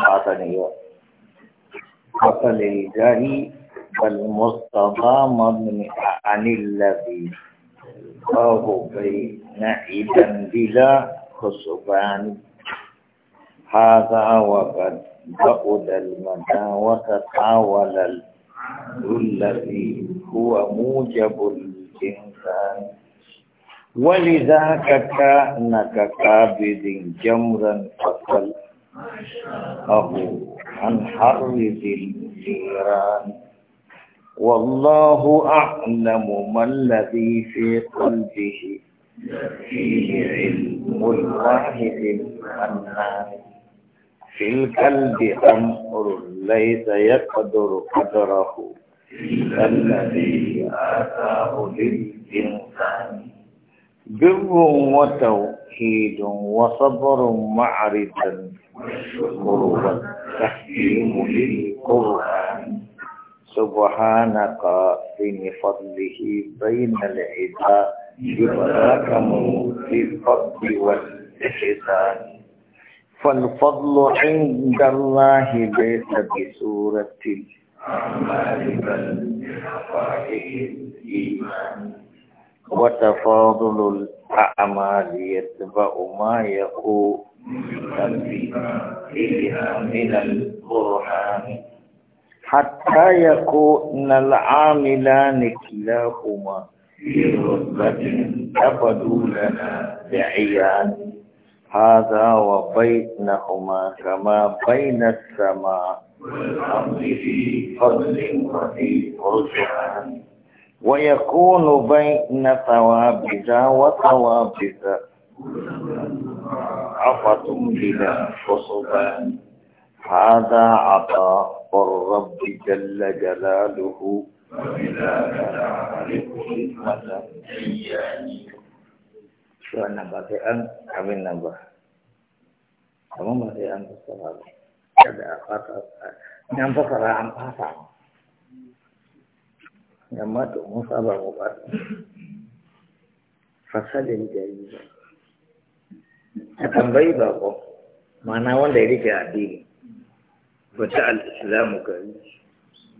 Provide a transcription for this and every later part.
حسن حسن الجاهي والمصطفى مضمن عن الذي فهو بين عيدا بلا خصبان هذا وقد بعد المدى وتطاول الذي هو موجب الإنسان ولذاك كأنك كابد جمرا فصل أبو عن حرب الجيران والله أعلم ما الذي في قلبه فيه علم الواحد النار في القلب أمر ليس يقدر قدره إلا الذي آتاه للإنسان بر وتوقع تأكيد وصبر معرضا والشكر والتحكيم للقرآن سبحانك من فضله بين العباد في الفضل والإحسان فالفضل عند الله ليس بسورة الأعمال بل بحقائق الإيمان وتفاضل الأعمال يتبع ما يقول فيها, فيها من البرهان حتى يكون العاملان كلاهما في رتبة تبدو لنا بعيان هذا وبينهما كما بين السماء والأرض في فضل وفي رجعان ويكون بين ثوابها وثوابها عفة بلا خصبان هذا عطاء الرب جل جلاله Şu an nabatian, kami nambah. Kamu masih antar sahabat. Ada apa-apa. Nampak orang pasang. amma to mun saba mu ba fasalin jarida a tambayi bako mana wanda ya rike addini wata al'islamu gari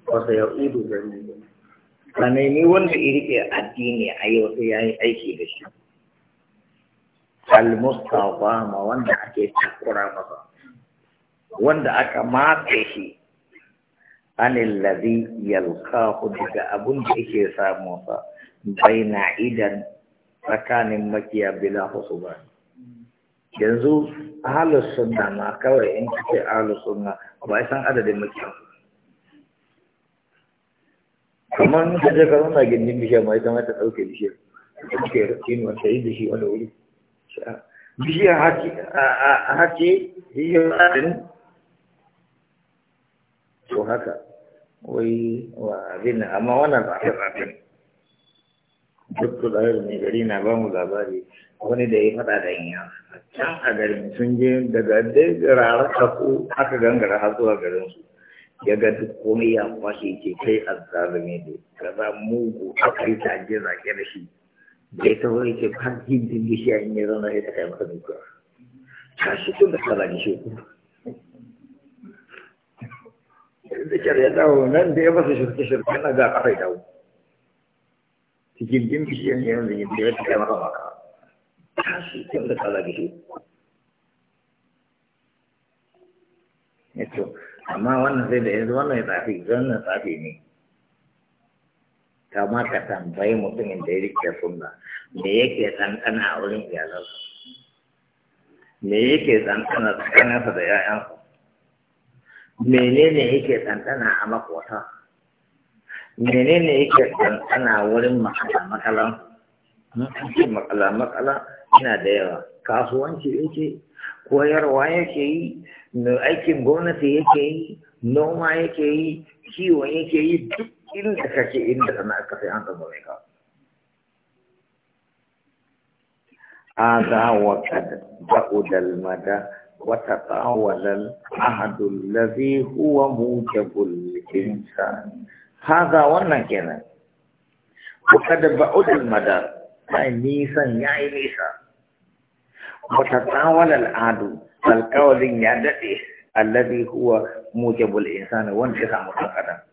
wasa yau ido gari ka nemi wanda ya rike addini a yau sai ya yi aiki da shi al-mustafa ma wanda ake takura ba. wanda aka matse shi anil ladhi yalqahu daga abun da yake samu fa baina idan tsakanin makiya bila husuba yanzu ahlus sunna ma kawai in kace ahlus sunna ba san adadin makiya kamar mun kaje ka zauna gindin bishiya ma ita ma ta dauke bishiya kike rikin wanda yi da shi wani wuri bishiya haki haki yi yau to haka wai wa abin amma wannan zafin zafin duk da mai gari na ba mu labari wani da ya faɗa da A can a garin sun je daga dai rarar kafu aka gangara har zuwa garin su ya ga duk komai ya kwashe ke kai azzalumi ne kaza mugu aka yi je zake da shi da ita wani ce har hindin gishiya in ya zauna ya ta kai masa mutuwa ta shi tun da kaza shi. kyar ya dawo nan da ya masa shirke shirke na ga kafa ya dawo cikin jin bishiyar ne yanzu yin da ya ta maka maka shi kyan da kala gidi ya amma wannan sai da yanzu wannan ya tafi wannan tafi ne ta maka tambayi mutumin da ya rike sunna me yake tsantsana a wurin iyalansa me yake tsantsana tsakaninsa da 'ya'yansa menene yake ɗanɗana a makota menene yake ɗanɗana wurin makala-makala makala yana da yawa kasuwanci yake koyarwa yake yi aikin gwamnati yake yi noma yake yi kiwon yake yi duk inda kake inda sana'ar ka sai an zama mai A هذا وقد بعد المدى Wata tsawon walal ahadu lafiya kuwa muke wannan kenan. Wata dabbabin odin ma da, sai nisan ya yi nisa. Wata tsawon walal ahadu ya dade a lafiya kuwa muke bule in sani wanda ya samu tsakanin.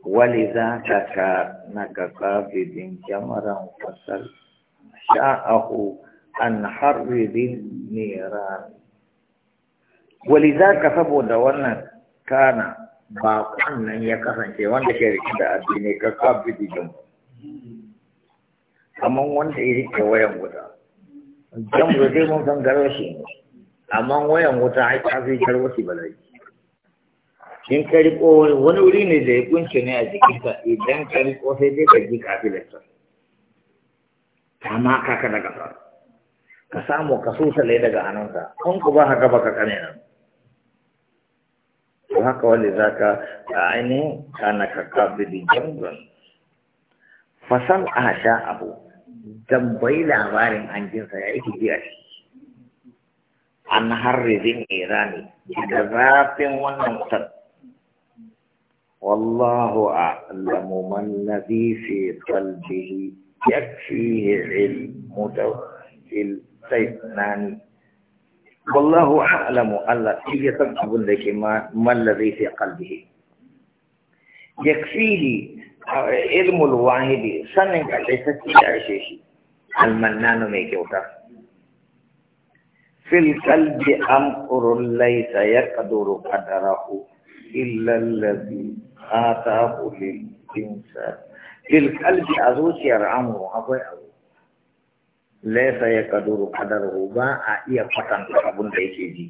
Wani za ka an harridin niran walizaka saboda wannan kana ba nan ya kasance wanda ke rike da addini ka kafi dijin amma wanda ya rike wayan wuta da dai mun san garo shi amma wayan wuta ai ka fi karwa shi balai in ka riko wani wuri ne da ya kunce ne a ka idan ka riko sai dai ka ji kafi da ta ma ka daga fara ka samu ka susale daga hannunka, an ku ba haka baka kane nan Ba haka wanda za ka ainihin kana ka kabili jangon fasal a abu dambai labarin an jinsa ya yi biya shi an harrizin irani da zafin wannan mutum wallahu a man ladhi fi qalbihi yakfihi ilmu tawhid sai nani wallahu a'lamu Allah shi ya san abin da ke malla zai fi qalbihi yakfihi ilmu alwahidi sanin kalle ta ci karshe shi almannanu mai kyauta fil qalbi amrun laysa yaqduru qadarahu illa allazi atahu lil insa fil qalbi azuciyar amru akwai abu laisa ya kaduru kadarhu ba a iya fatan abin da yake ji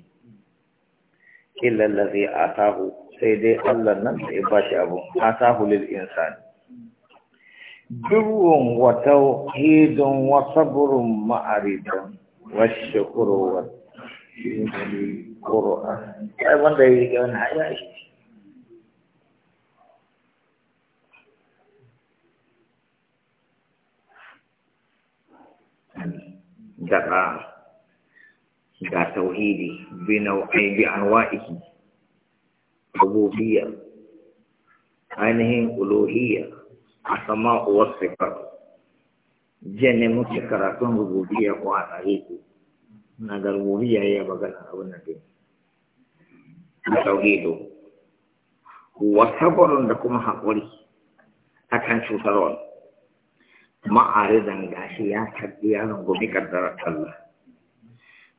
illa allazi atahu sai dai Allah nan da ya bashi abu atahu lil insani durun wa tauhidun wa sabrun ma'aridun wa shukru wa qur'an ai wanda yake wannan ayi دقا دا توحيدي بنوعي بأنوائه ainihin uluhiyya a sama uwar sifar jiya ne muke karatun rububiyya ko a tsare ku na ga rububiyya ya magana din a da kuma haƙuri akan cutarwa ma'aridan gashi ya karbi ya rungumi kaddarar Allah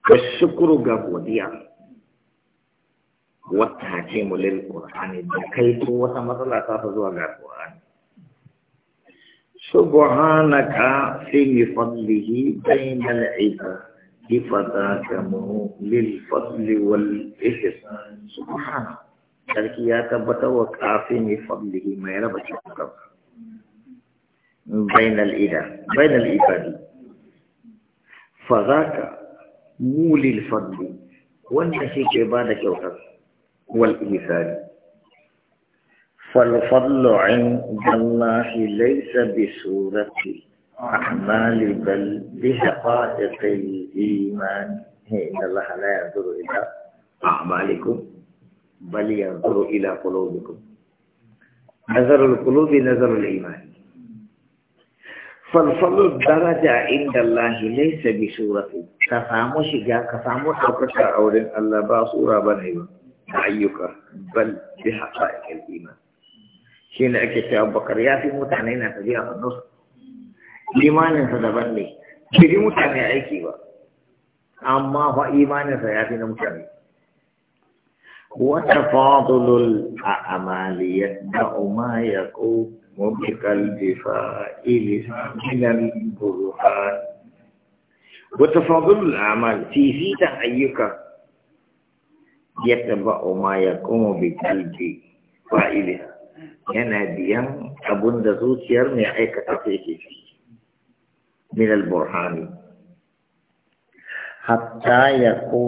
wa shukuru ga godiya wata ce mu lil qur'ani da kai to wata matsala ta zuwa ga qur'ani subhanaka fi fadlihi bainal ibad ifadakamu lil fadli wal ihsan subhana sarki ya tabbatar wa kafin fadlihi mai raba cikin kansa بين الإله بين الإباد فذاك مولي الفضل في عبادة كوكب والإيثار فالفضل عند الله ليس بصورة أعمال بل بحقائق الإيمان إن الله لا ينظر إلى أعمالكم بل ينظر إلى قلوبكم نظر القلوب نظر الإيمان falfalun daraja inda Allah lahi laisa bi surati ka samu shiga ka samu ɗaukakar auren Allah ba su ura ba ne ba da ayyuka ban bi haɗa a kalbina shi ne ake cewa bakar ya fi mutane na tafi a nus imaninsa daban ne bai mutane aiki ba amma fa imaninsa ya fi na mutane وتفاضل الأعمال يتبع ما يقوم بقلب فائل من البرهان وتفاضل الأعمال في في تعيك يتبع ما يقوم بقلب فائلها yana biyan abun da يرمي mai aikata من البرهان حتى min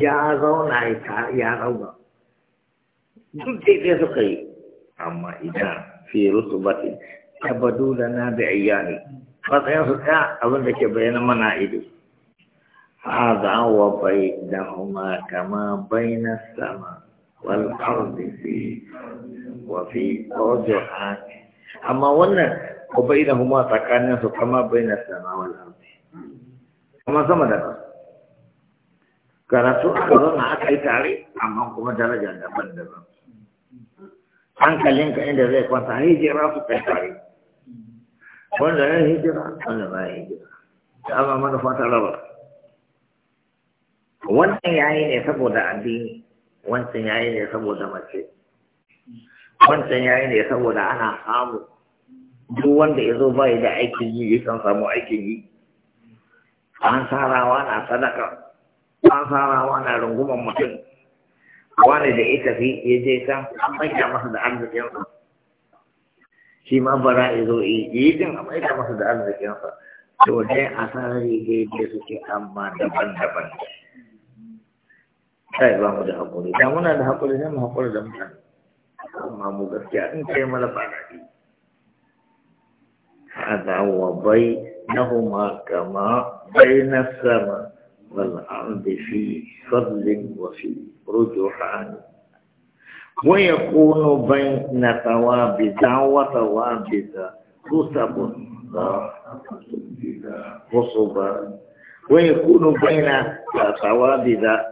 ya zauna ya rauga. duk daidai suka yi amma idan fi rutubatin tabadu da na da iyali matsayin a ɗaya abin da ke bayyana mana ido هذا وبينهما كما بين السماء والأرض في وفي رجحان أما ون وبينهما تكانس كما بين Kama sama da سمع karatu aka na aka yi tare amma kuma daraja daban-daban ka inda zai kwanta hijira su kai tare wanda ya hijira wanda ba ya hijira ta amma manufa ta raba wannan yayi ne saboda addini wancan yayi ne saboda mace wancan yayi ne saboda ana samu duk wanda ya zo bai da aikin yi ya kan samu aikin yi an sarawa na sadaka an sarawa na runguman mutum wani da ita tafi ya je can an maida masa da arzikinsa shi ma bara ya zo yi yi din a maida masa da arzikinsa to dai a sarari daidai suke amma daban-daban kai ba mu da haƙuri da muna da haƙuri sai mu haƙuri da mutane amma mu gaskiya in kai mana ba daɗi hada wa bai na huma kama bai na sama والعرض في فضل وفي رجحان ويكون بين دعوة وثوابذا رتب وصبا ويكون بين ذا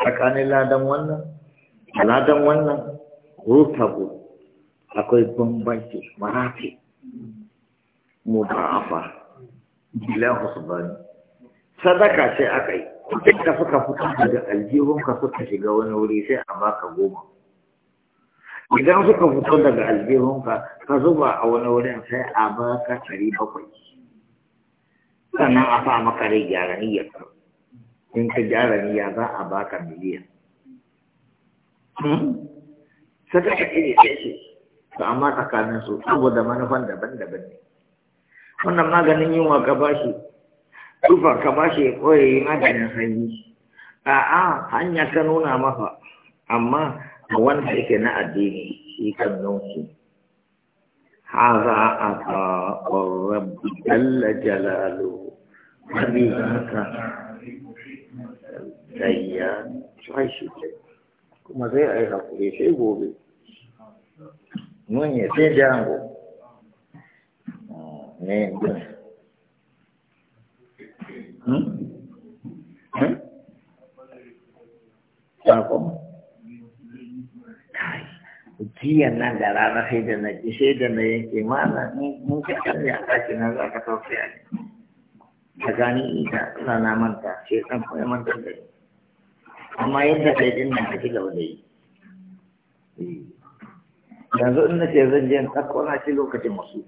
أكان لا دم ولا لا دم ولا رتب يكون بيت مراتب مضاعفة ila husbani sadaka sai aka yi kudin da suka fito daga aljihunka suka shiga wani wuri sai a baka goma idan suka fito daga aljihunka ka zuba a wani wurin sai a baka ɗari bakwai sannan a fa maka rai gyara niyya in ka gyara niyya za a baka miliyan hmm? sadaka iri ɗaya ce to amma tsakanin su saboda manufan daban-daban ne wannan maganin yunwa ka bashi tufa ka ba shi koyi maganin sanyi a'a hanya ka nuna masa amma a wanda yake na addini shi kan nunki haza a rabbi jalla jalalu abi haka sayya sai shi kuma sai ai hakuri sai gobe mun ya sai jango ah, ne Sako? Jiyan nan da rana sai da na ji sai da na yanke mana mun ka kalli a ɗaki na za ka sauke a ta gani ita suna na manta sai ɗan kuma manta da ni. Amma yadda kai din nan ka ci gaba da yi. Yanzu in na ce zan je na ɗauko na ci lokacin masu.